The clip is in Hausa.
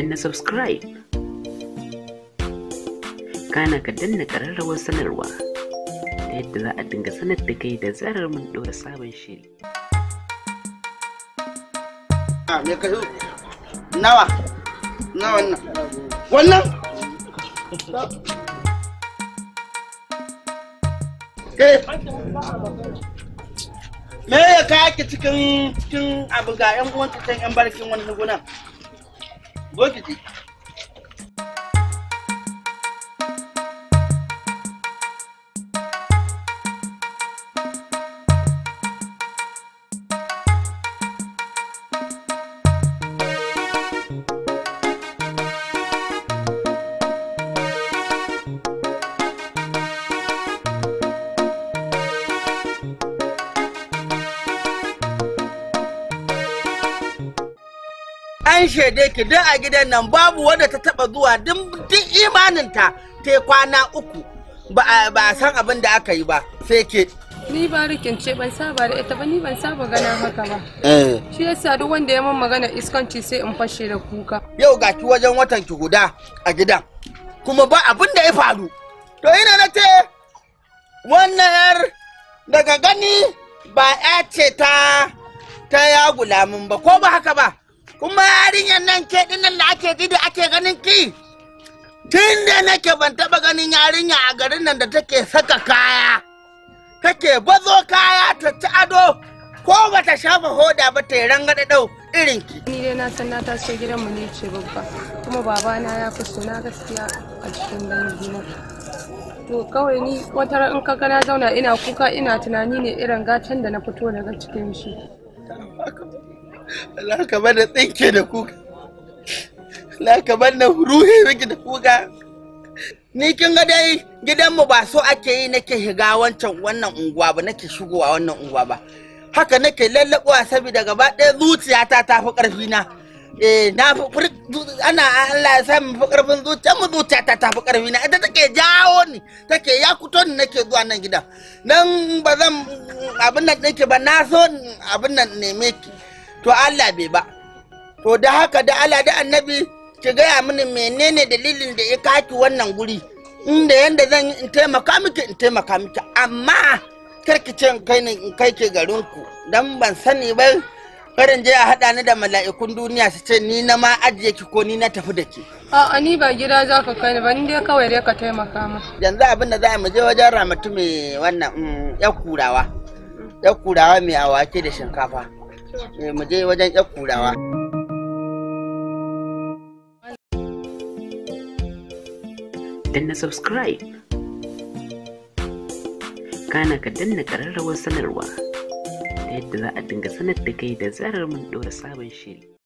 danna subscribe kana ka danna ƙararrawar sanarwa ta yadda za a dinga sanar da kai da zarar mun ɗora sabon shiri ah, nawa nawa wannan me ya kaya cikin abu ga 'yan uwanta cikin 'yan barkin wannan gunan Look at you. an shaide ki duk a gidan nan babu wadda ta taba zuwa duk imaninta ta kwana uku ba a san abin da aka yi ba sai ke ni ba rikince ban saba da ita ba ni ban saba gana haka ba eh. shi yasa duk wanda ya man magana iskanci sai in fashe da kuka yau ga ki wajen watan ki guda a gidan kuma ba abin da ya faru to ina na ce wannan yar daga gani ba ya ce ta ta ya gulamin ba ko ba haka ba kuma yarinyar nan ke dinnan da ake ji da ake ganin ki tun da nake ban taba ganin yarinya a garin nan da take saka kaya take bazo kaya ta ci ado ko ba ta shafa hoda ba ta yi rangada dau irin ki. Ni dai na san na taso gidanmu ne ce babba kuma babana ya fi suna gaskiya a cikin dangina. To kawai ni wata in ka gana zauna ina kuka ina tunani ne irin gatan da na fito daga cikin shi. Allah ka bada tsinke da kuka Allah ka bada ruhe miki da kuka ni kin ga dai gidanmu ba so ake yi nake shiga wancan wannan unguwa ba nake shigowa wannan unguwa ba haka nake lallaɓuwa saboda gaba ɗaya zuciyata ta fi ƙarfi na eh na fi ana Allah ya sa mu fi ƙarfin zuciya mu zuciyata ta fi ƙarfi na ita take jawo ni take ya kuto ni nake zuwa nan gidan nan ba zan abin nan nake ba na so abin nan neme ki to Allah bai ba to da haka da Allah da annabi ki gaya mini menene dalilin da ya kaki wannan guri inda yanda zan in taimaka miki in taimaka miki amma karki ce in kai in kai ke garin ku dan ban sani ba karin je a haɗa ni da mala'ikun duniya su ce ni na ma ajiye ki ko ni na tafi da ke. A'a ni ba gida za ka kai ni ba ni dai kawai dai ka taimaka mu. Yanzu abin da za mu je wajen ramatu mai wannan ya mm, kurawa. Ya kurawa mai awake da shinkafa. mu je wajen yan kurawa danna subscribe kana ka danna ƙararrawar sanarwa ta yadda za a dinga sanar da kai da zarar mun ɗora sabon shiri